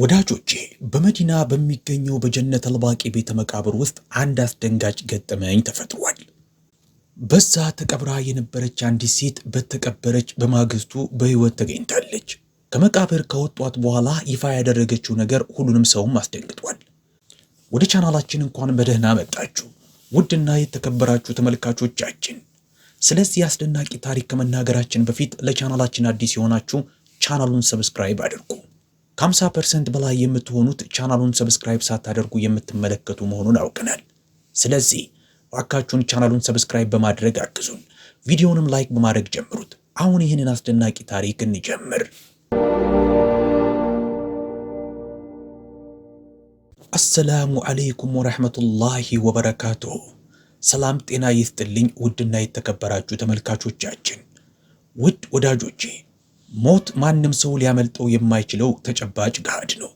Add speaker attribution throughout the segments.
Speaker 1: ወዳጆቼ በመዲና በሚገኘው በጀነት አልባቂ ቤተ መቃብር ውስጥ አንድ አስደንጋጭ ገጠመኝ ተፈጥሯል። በዛ ተቀብራ የነበረች አንዲት ሴት በተቀበረች በማግስቱ በሕይወት ተገኝታለች። ከመቃብር ከወጧት በኋላ ይፋ ያደረገችው ነገር ሁሉንም ሰውም አስደንግጧል። ወደ ቻናላችን እንኳን በደህና መጣችሁ ውድና የተከበራችሁ ተመልካቾቻችን። ስለዚህ አስደናቂ ታሪክ ከመናገራችን በፊት ለቻናላችን አዲስ የሆናችሁ ቻናሉን ሰብስክራይብ አድርጉ። ከ50 ፐርሰንት በላይ የምትሆኑት ቻናሉን ሰብስክራይብ ሳታደርጉ የምትመለከቱ መሆኑን አውቀናል። ስለዚህ እባካችሁን ቻናሉን ሰብስክራይብ በማድረግ አግዙን። ቪዲዮንም ላይክ በማድረግ ጀምሩት። አሁን ይህንን አስደናቂ ታሪክ እንጀምር። አሰላሙ አለይኩም ወረሕመቱላሂ ወበረካቱሁ። ሰላም ጤና ይስጥልኝ። ውድና የተከበራችሁ ተመልካቾቻችን፣ ውድ ወዳጆቼ ሞት ማንም ሰው ሊያመልጠው የማይችለው ተጨባጭ ገሃድ ነው።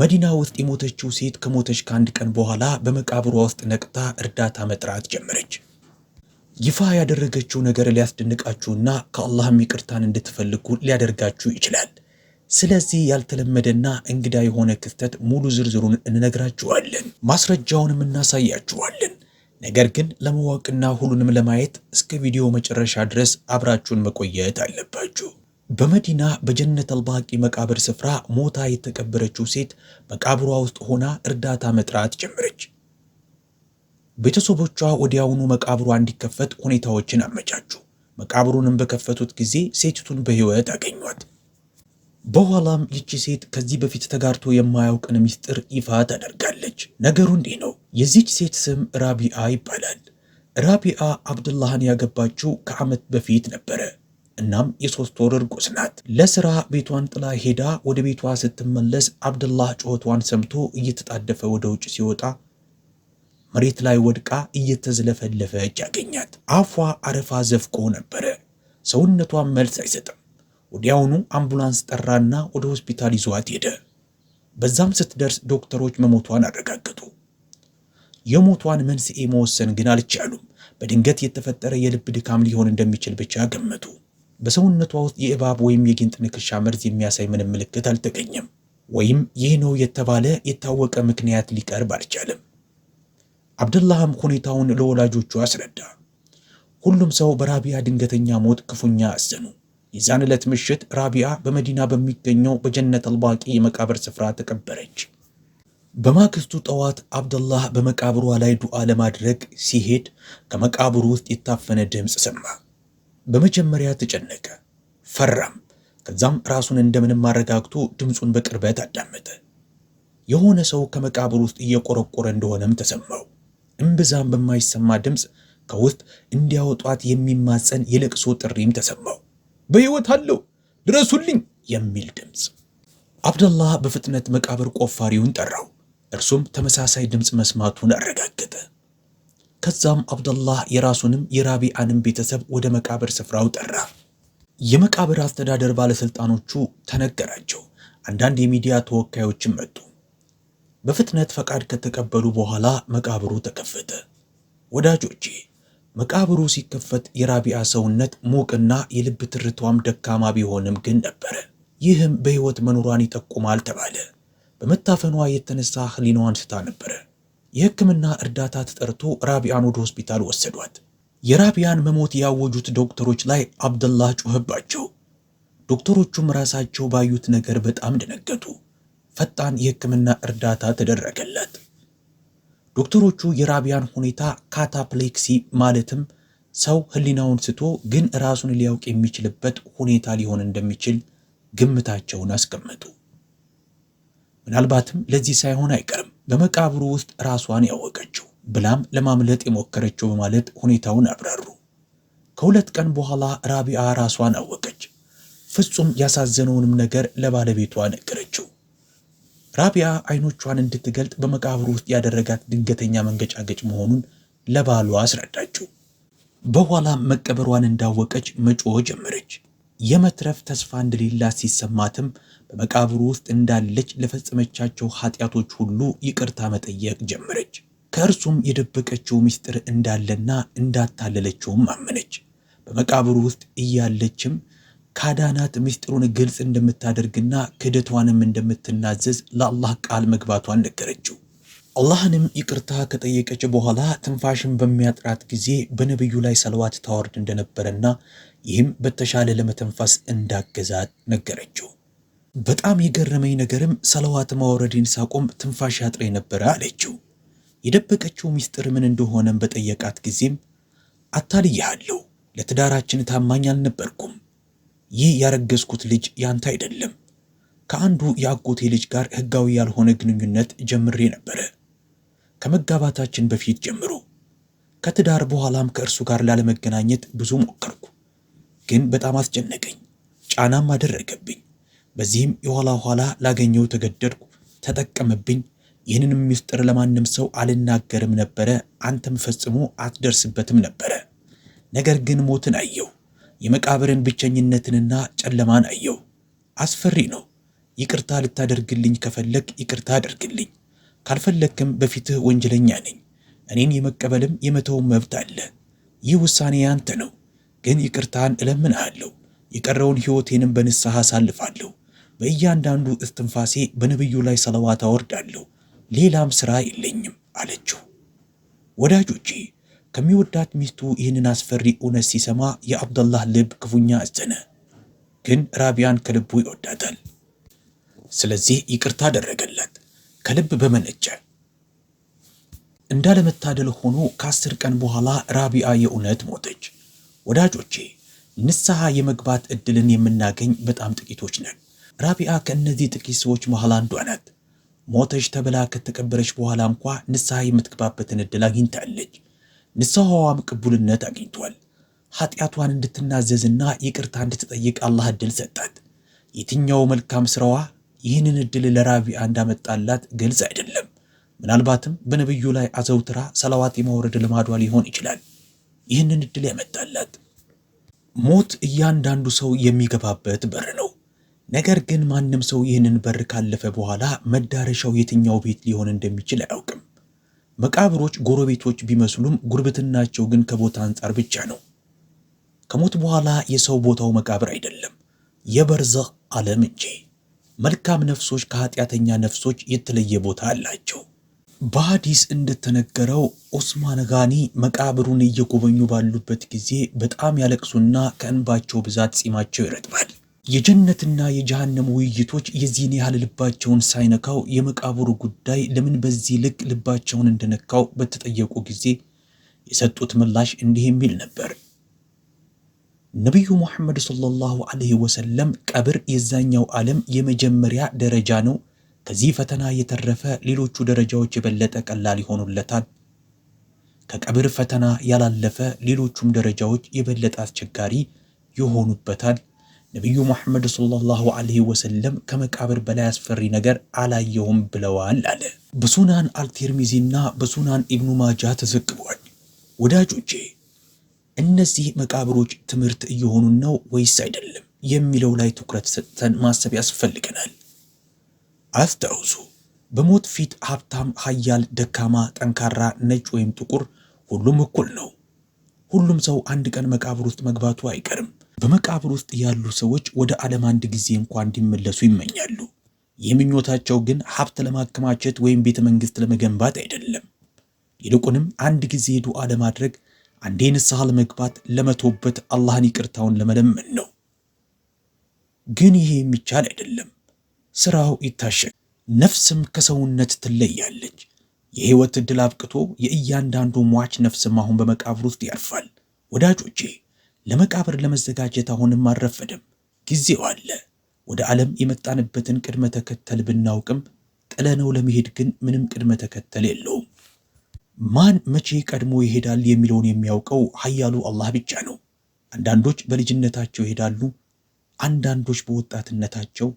Speaker 1: መዲና ውስጥ የሞተችው ሴት ከሞተች ከአንድ ቀን በኋላ በመቃብሯ ውስጥ ነቅታ እርዳታ መጥራት ጀመረች። ይፋ ያደረገችው ነገር ሊያስደንቃችሁና ከአላህም ይቅርታን እንድትፈልጉ ሊያደርጋችሁ ይችላል። ስለዚህ ያልተለመደና እንግዳ የሆነ ክስተት ሙሉ ዝርዝሩን እንነግራችኋለን፣ ማስረጃውንም እናሳያችኋለን። ነገር ግን ለማወቅና ሁሉንም ለማየት እስከ ቪዲዮ መጨረሻ ድረስ አብራችሁን መቆየት አለባችሁ። በመዲና በጀነት አልባቂ መቃብር ስፍራ ሞታ የተቀበረችው ሴት መቃብሯ ውስጥ ሆና እርዳታ መጥራት ጀመረች። ቤተሰቦቿ ወዲያውኑ መቃብሯ እንዲከፈት ሁኔታዎችን አመቻቹ። መቃብሩንም በከፈቱት ጊዜ ሴቲቱን በሕይወት አገኟት። በኋላም ይቺ ሴት ከዚህ በፊት ተጋርቶ የማያውቅን ምስጢር ይፋ ታደርጋለች። ነገሩ እንዲህ ነው። የዚች ሴት ስም ራቢአ ይባላል። ራቢአ አብድላህን ያገባችው ከዓመት በፊት ነበረ። እናም የሶስት ወር እርጉዝ ናት። ለስራ ቤቷን ጥላ ሄዳ ወደ ቤቷ ስትመለስ አብደላህ ጩኸቷን ሰምቶ እየተጣደፈ ወደ ውጭ ሲወጣ መሬት ላይ ወድቃ እየተዝለፈለፈች ያገኛት። አፏ አረፋ ዘፍቆ ነበረ። ሰውነቷን መልስ አይሰጥም። ወዲያውኑ አምቡላንስ ጠራና ወደ ሆስፒታል ይዟት ሄደ። በዛም ስትደርስ ዶክተሮች መሞቷን አረጋገጡ። የሞቷን መንስኤ መወሰን ግን አልቻሉም። በድንገት የተፈጠረ የልብ ድካም ሊሆን እንደሚችል ብቻ ገመቱ። በሰውነቷ ውስጥ የእባብ ወይም የጊንጥ ንክሻ መርዝ የሚያሳይ ምንም ምልክት አልተገኘም። ወይም ይህ ነው የተባለ የታወቀ ምክንያት ሊቀርብ አልቻለም። አብደላህም ሁኔታውን ለወላጆቹ አስረዳ። ሁሉም ሰው በራቢያ ድንገተኛ ሞት ክፉኛ አዘኑ። የዛን ዕለት ምሽት ራቢያ በመዲና በሚገኘው በጀነት አልባቂ የመቃብር ስፍራ ተቀበረች። በማግስቱ ጠዋት አብደላህ በመቃብሯ ላይ ዱዓ ለማድረግ ሲሄድ ከመቃብሩ ውስጥ የታፈነ ድምፅ ሰማ። በመጀመሪያ ተጨነቀ፣ ፈራም። ከዛም ራሱን እንደምንም አረጋግቶ ድምፁን በቅርበት አዳመጠ። የሆነ ሰው ከመቃብር ውስጥ እየቆረቆረ እንደሆነም ተሰማው። እምብዛም በማይሰማ ድምፅ ከውስጥ እንዲያወጧት የሚማፀን የለቅሶ ጥሪም ተሰማው። በሕይወት አለው ድረሱልኝ የሚል ድምፅ። አብደላህ በፍጥነት መቃብር ቆፋሪውን ጠራው። እርሱም ተመሳሳይ ድምፅ መስማቱን አረጋገጠ። ከዛም አብደላህ የራሱንም የራቢዓንም ቤተሰብ ወደ መቃብር ስፍራው ጠራ። የመቃብር አስተዳደር ባለሥልጣኖቹ ተነገራቸው። አንዳንድ የሚዲያ ተወካዮችም መጡ። በፍጥነት ፈቃድ ከተቀበሉ በኋላ መቃብሩ ተከፈተ። ወዳጆቼ መቃብሩ ሲከፈት የራቢያ ሰውነት ሞቅና የልብ ትርቷም ደካማ ቢሆንም ግን ነበረ። ይህም በሕይወት መኖሯን ይጠቁማል ተባለ። በመታፈኗ የተነሳ ህሊናዋን ስታ ነበረ። የህክምና እርዳታ ተጠርቶ ራቢያን ወደ ሆስፒታል ወሰዷት። የራቢያን መሞት ያወጁት ዶክተሮች ላይ አብደላ ጮኸባቸው። ዶክተሮቹም ራሳቸው ባዩት ነገር በጣም ደነገጡ። ፈጣን የህክምና እርዳታ ተደረገለት። ዶክተሮቹ የራቢያን ሁኔታ ካታፕሌክሲ ማለትም ሰው ህሊናውን ስቶ ግን ራሱን ሊያውቅ የሚችልበት ሁኔታ ሊሆን እንደሚችል ግምታቸውን አስቀመጡ። ምናልባትም ለዚህ ሳይሆን አይቀርም በመቃብሩ ውስጥ ራሷን ያወቀችው ብላም ለማምለጥ የሞከረችው በማለት ሁኔታውን አብራሩ። ከሁለት ቀን በኋላ ራቢያ ራሷን አወቀች። ፍጹም ያሳዘነውንም ነገር ለባለቤቷ ነገረችው። ራቢያ አይኖቿን እንድትገልጥ በመቃብሩ ውስጥ ያደረጋት ድንገተኛ መንገጫገጭ መሆኑን ለባሏ አስረዳችው። በኋላ መቀበሯን እንዳወቀች መጮ ጀመረች። የመትረፍ ተስፋ እንደሌላት ሲሰማትም በመቃብሩ ውስጥ እንዳለች ለፈጸመቻቸው ኃጢአቶች ሁሉ ይቅርታ መጠየቅ ጀመረች። ከእርሱም የደበቀችው ምስጢር እንዳለና እንዳታለለችውም አመነች። በመቃብሩ ውስጥ እያለችም ካዳናት ምስጢሩን ግልጽ እንደምታደርግና ክደቷንም እንደምትናዘዝ ለአላህ ቃል መግባቷን ነገረችው። አላህንም ይቅርታ ከጠየቀች በኋላ ትንፋሽን በሚያጥራት ጊዜ በነቢዩ ላይ ሰለዋት ታወርድ እንደነበረና ይህም በተሻለ ለመተንፋስ እንዳገዛት ነገረችው። በጣም የገረመኝ ነገርም ሰለዋት ማውረድን ሳቆም ትንፋሽ ያጥረኝ ነበረ አለችው። የደበቀችው ሚስጥር ምን እንደሆነም በጠየቃት ጊዜም አታልያለሁ፣ ለትዳራችን ታማኝ አልነበርኩም። ይህ ያረገዝኩት ልጅ ያንተ አይደለም። ከአንዱ የአጎቴ ልጅ ጋር ህጋዊ ያልሆነ ግንኙነት ጀምሬ ነበረ ከመጋባታችን በፊት ጀምሮ ከትዳር በኋላም ከእርሱ ጋር ላለመገናኘት ብዙ ሞከርኩ፣ ግን በጣም አስጨነቀኝ፣ ጫናም አደረገብኝ። በዚህም የኋላ ኋላ ላገኘው ተገደድኩ፣ ተጠቀመብኝ። ይህንንም ምስጢር ለማንም ሰው አልናገርም ነበረ፣ አንተም ፈጽሞ አትደርስበትም ነበረ። ነገር ግን ሞትን አየው፣ የመቃብርን ብቸኝነትንና ጨለማን አየው። አስፈሪ ነው። ይቅርታ ልታደርግልኝ ከፈለግ ይቅርታ አድርግልኝ። ካልፈለግክም በፊትህ ወንጀለኛ ነኝ። እኔን የመቀበልም የመተውም መብት አለ። ይህ ውሳኔ ያንተ ነው፣ ግን ይቅርታን እለምንሃለሁ። የቀረውን ሕይወቴንም በንስሐ አሳልፋለሁ። በእያንዳንዱ እስትንፋሴ በነቢዩ ላይ ሰለዋት አወርዳለሁ። ሌላም ሥራ የለኝም አለችው። ወዳጆቼ ከሚወዳት ሚስቱ ይህንን አስፈሪ እውነት ሲሰማ የአብደላህ ልብ ክፉኛ አዘነ። ግን ራቢያን ከልቡ ይወዳታል። ስለዚህ ይቅርታ አደረገላት። ከልብ በመነጨ እንዳለመታደል ሆኖ ከአስር ቀን በኋላ ራቢያ የእውነት ሞተች። ወዳጆቼ ንስሐ የመግባት እድልን የምናገኝ በጣም ጥቂቶች ነን። ራቢያ ከእነዚህ ጥቂት ሰዎች መሃል አንዷ ናት። ሞተች ተብላ ከተቀበረች በኋላ እንኳ ንስሐ የምትገባበትን እድል አግኝታለች። ንስሐዋም ቅቡልነት አግኝቷል። ኃጢአቷን እንድትናዘዝና ይቅርታ እንድትጠይቅ አላህ እድል ሰጣት። የትኛው መልካም ስራዋ ይህንን እድል ለራቢያ እንዳመጣላት ግልጽ አይደለም። ምናልባትም በነቢዩ ላይ አዘውትራ ሰላዋት የማውረድ ልማዷ ሊሆን ይችላል ይህንን እድል ያመጣላት። ሞት እያንዳንዱ ሰው የሚገባበት በር ነው። ነገር ግን ማንም ሰው ይህንን በር ካለፈ በኋላ መዳረሻው የትኛው ቤት ሊሆን እንደሚችል አያውቅም። መቃብሮች ጎረቤቶች ቢመስሉም ጉርብትናቸው ግን ከቦታ አንጻር ብቻ ነው። ከሞት በኋላ የሰው ቦታው መቃብር አይደለም፣ የበርዘኽ ዓለም እንጂ። መልካም ነፍሶች ከኃጢአተኛ ነፍሶች የተለየ ቦታ አላቸው። በሐዲስ እንደተነገረው ኦስማን ጋኒ መቃብሩን እየጎበኙ ባሉበት ጊዜ በጣም ያለቅሱና ከእንባቸው ብዛት ጺማቸው ይረጥባል። የጀነትና የጀሃነም ውይይቶች የዚህን ያህል ልባቸውን ሳይነካው የመቃብሩ ጉዳይ ለምን በዚህ ልክ ልባቸውን እንደነካው በተጠየቁ ጊዜ የሰጡት ምላሽ እንዲህ የሚል ነበር። ነቢዩ ሙሐመድ ሰለላሁ ዐለይሂ ወሰለም ቀብር የዛኛው ዓለም የመጀመሪያ ደረጃ ነው። ከዚህ ፈተና የተረፈ ሌሎቹ ደረጃዎች የበለጠ ቀላል ይሆኑለታል። ከቀብር ፈተና ያላለፈ ሌሎቹም ደረጃዎች የበለጠ አስቸጋሪ ይሆኑበታል። ነቢዩ ሙሐመድ ሰለላሁ ዐለይሂ ወሰለም ከመቃብር በላይ አስፈሪ ነገር አላየሁም ብለዋል አለ። በሱናን አልቴርሚዚና በሱናን ኢብኑ ማጃ ተዘግቧል። ወዳጆቼ እነዚህ መቃብሮች ትምህርት እየሆኑን ነው ወይስ አይደለም የሚለው ላይ ትኩረት ሰጥተን ማሰብ ያስፈልገናል። አስታውሱ፣ በሞት ፊት ሀብታም፣ ሀያል፣ ደካማ፣ ጠንካራ፣ ነጭ ወይም ጥቁር፣ ሁሉም እኩል ነው። ሁሉም ሰው አንድ ቀን መቃብር ውስጥ መግባቱ አይቀርም። በመቃብር ውስጥ ያሉ ሰዎች ወደ ዓለም አንድ ጊዜ እንኳ እንዲመለሱ ይመኛሉ። ይህ ምኞታቸው ግን ሀብት ለማከማቸት ወይም ቤተ መንግሥት ለመገንባት አይደለም። ይልቁንም አንድ ጊዜ ዱዓ ለማድረግ አንዴ ንስሐ ለመግባት ለመቶበት አላህን ይቅርታውን ለመለመን ነው። ግን ይሄ የሚቻል አይደለም። ስራው ይታሸግ፣ ነፍስም ከሰውነት ትለያለች። የህይወት ዕድል አብቅቶ የእያንዳንዱ ሟች ነፍስም አሁን በመቃብር ውስጥ ያርፋል። ወዳጆቼ ለመቃብር ለመዘጋጀት አሁንም አልረፈደም፣ ጊዜው አለ። ወደ ዓለም የመጣንበትን ቅድመ ተከተል ብናውቅም ጥለነው ለመሄድ ግን ምንም ቅድመ ተከተል የለውም። ማን መቼ ቀድሞ ይሄዳል የሚለውን የሚያውቀው ኃያሉ አላህ ብቻ ነው። አንዳንዶች በልጅነታቸው ይሄዳሉ፣ አንዳንዶች በወጣትነታቸው፣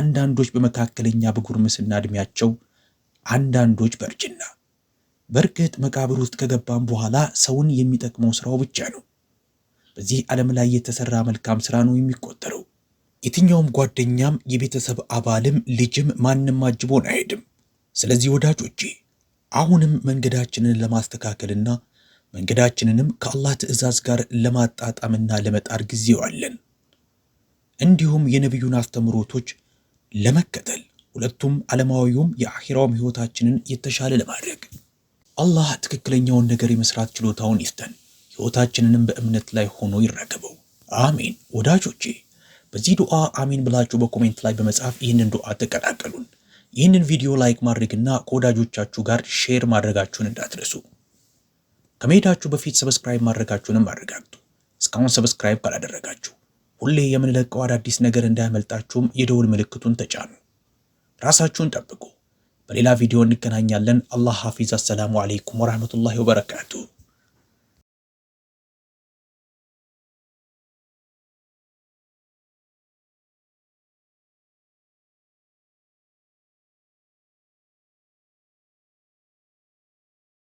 Speaker 1: አንዳንዶች በመካከለኛ በጉርምስና እድሜያቸው አንዳንዶች በእርጅና። በእርግጥ መቃብር ውስጥ ከገባም በኋላ ሰውን የሚጠቅመው ስራው ብቻ ነው። በዚህ ዓለም ላይ የተሰራ መልካም ስራ ነው የሚቆጠረው። የትኛውም ጓደኛም የቤተሰብ አባልም ልጅም ማንም አጅቦን አይሄድም። ስለዚህ ወዳጆቼ አሁንም መንገዳችንን ለማስተካከልና መንገዳችንንም ከአላህ ትዕዛዝ ጋር ለማጣጣምና ለመጣር ጊዜው አለን። እንዲሁም የነቢዩን አስተምሮቶች ለመከተል ሁለቱም ዓለማዊውም የአኺራውም ሕይወታችንን የተሻለ ለማድረግ አላህ ትክክለኛውን ነገር የመስራት ችሎታውን ይስጠን። ሕይወታችንንም በእምነት ላይ ሆኖ ይረከበው። አሚን። ወዳጆቼ በዚህ ዱዓ አሚን ብላችሁ በኮሜንት ላይ በመጻፍ ይህንን ዱዓ ተቀላቀሉን። ይህንን ቪዲዮ ላይክ ማድረግና ከወዳጆቻችሁ ጋር ሼር ማድረጋችሁን እንዳትረሱ። ከመሄዳችሁ በፊት ሰብስክራይብ ማድረጋችሁንም አረጋግጡ። እስካሁን ሰብስክራይብ ካላደረጋችሁ ሁሌ የምንለቀው አዳዲስ ነገር እንዳያመልጣችሁም የደውል ምልክቱን ተጫኑ። ራሳችሁን ጠብቁ። በሌላ ቪዲዮ እንገናኛለን። አላህ ሐፊዝ። አሰላሙ አለይኩም ወራህመቱላሂ ወበረካቱ።